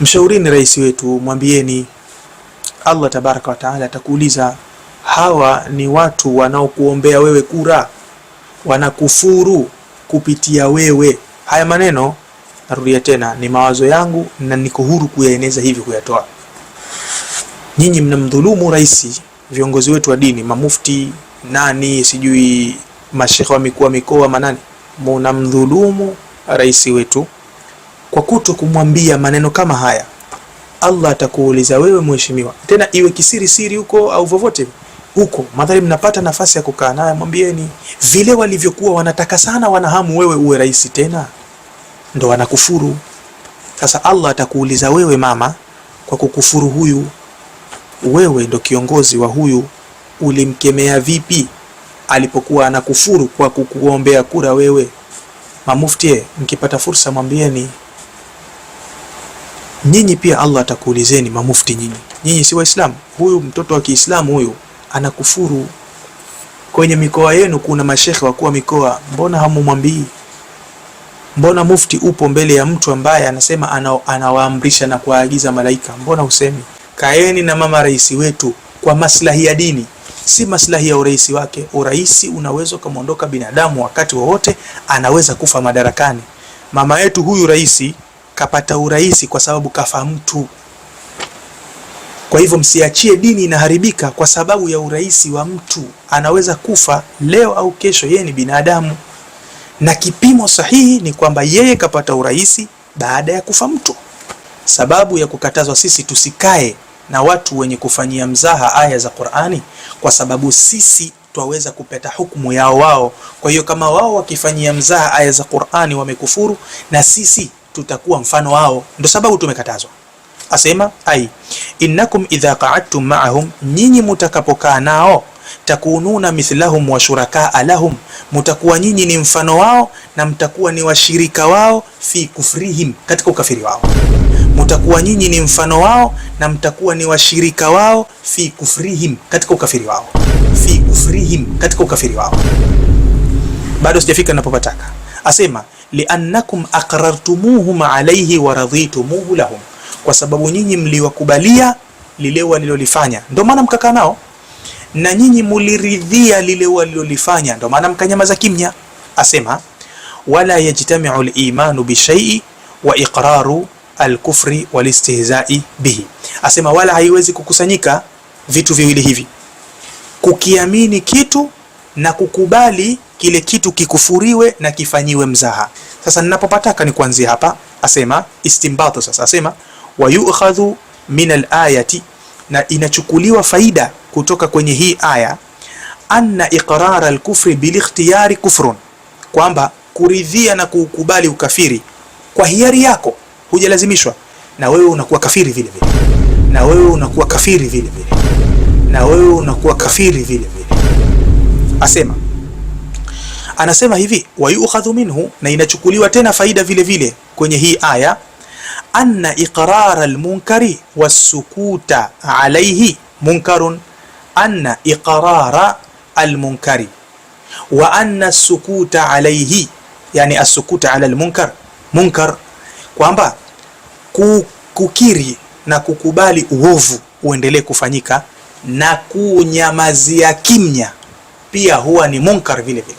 Mshaurini rais wetu, mwambieni Allah tabaraka wa taala atakuuliza, hawa ni watu wanaokuombea wewe kura, wanakufuru kupitia wewe. Haya maneno narudia tena, ni mawazo yangu na niko huru kuyaeneza hivi, kuyatoa. Nyinyi mnamdhulumu rais, viongozi wetu wa dini, mamufti nani, sijui mashekhe wa mikoa mikoa, manani, munamdhulumu rais wetu kwa kuto kumwambia maneno kama haya, Allah atakuuliza wewe mheshimiwa, tena iwe kisiri siri huko au vovote huko, madhari mnapata nafasi ya kukaa naye, mwambieni vile walivyokuwa wanataka sana, wanahamu wewe uwe rais, tena ndo wanakufuru. Sasa Allah atakuuliza wewe mama, kwa kukufuru huyu, wewe ndo kiongozi wa huyu, ulimkemea vipi alipokuwa anakufuru kwa kukuombea kura wewe? Mamufti, mkipata fursa mwambieni nyinyi pia Allah atakuulizeni mamufti nyinyi. Nyinyi si Waislamu, huyu mtoto wa Kiislamu huyu anakufuru. Kwenye mikoa yenu kuna mashekhe wakuwa mikoa, mbona hamumwambii? Mbona mufti upo mbele ya mtu ambaye anasema anawaamrisha na kuwaagiza malaika, mbona usemi Kaeni na mama rais wetu kwa maslahi ya dini, si maslahi ya urais wake. Urais unaweza ukamwondoka binadamu wakati wowote, anaweza kufa madarakani. Mama yetu huyu rais akapata urahisi kwa sababu kafa mtu. Kwa hivyo msiachie dini inaharibika kwa sababu ya urahisi wa mtu. Anaweza kufa leo au kesho, yeye ni binadamu, na kipimo sahihi ni kwamba yeye kapata urahisi baada ya kufa mtu. Sababu ya kukatazwa sisi tusikae na watu wenye kufanyia mzaha aya za Qur'ani, kwa sababu sisi twaweza kupata hukumu yao wao. Kwa hiyo kama wao wakifanyia mzaha aya za Qur'ani wamekufuru, na sisi tutakuwa mfano wao, ndio sababu tumekatazwa. Asema ai innakum idha qa'adtum ma'ahum, nyinyi mutakapokaa nao, takununa mithlahum wa shurakaa lahum, mutakuwa nyinyi ni mfano wao na mtakuwa ni washirika wao, fi kufrihim, katika ukafiri wao mutakuwa nyinyi ni mfano wao na mtakuwa ni washirika wao, fi kufrihim, katika ukafiri wao, fi kufrihim, katika ukafiri wao. Bado sijafika ninapopataka, asema liannakum aqrartumuhum alayhi waradhitumuhu lahum, kwa sababu nyinyi mliwakubalia lile walilolifanya, ndio maana mkakaa nao, na nyinyi muliridhia lile walilolifanya, ndio maana mkanyamaza kimya. Asema wala yajtamiu limanu bishaii wa iqraru alkufri walistihzai bihi, asema wala haiwezi kukusanyika vitu viwili hivi, kukiamini kitu na kukubali kile kitu kikufuriwe na kifanyiwe mzaha. Sasa ninapopataka ni kuanzia hapa, asema istimbato. Sasa asema yukhadhu min alayati, na inachukuliwa faida kutoka kwenye hii aya anna iqrara alkufri bilikhtiyari kufrun, kwamba kuridhia na kukubali ukafiri kwa hiari yako, hujalazimishwa na wewe unakuwa kafiri vile vile, na wewe unakuwa kafiri vile vile, na wewe unakuwa kafiri vile vile, asema Anasema hivi wayukhadhu minhu, na inachukuliwa tena faida vile vile kwenye hii aya, anna iqrara almunkari wasukuta alayhi munkarun, anna iqrara almunkari wa anna sukuta alayhi, yani asukuta ala almunkar munkar, kwamba kukiri na kukubali uovu uendelee kufanyika na kunyamazia kimya pia huwa ni munkar vile vile.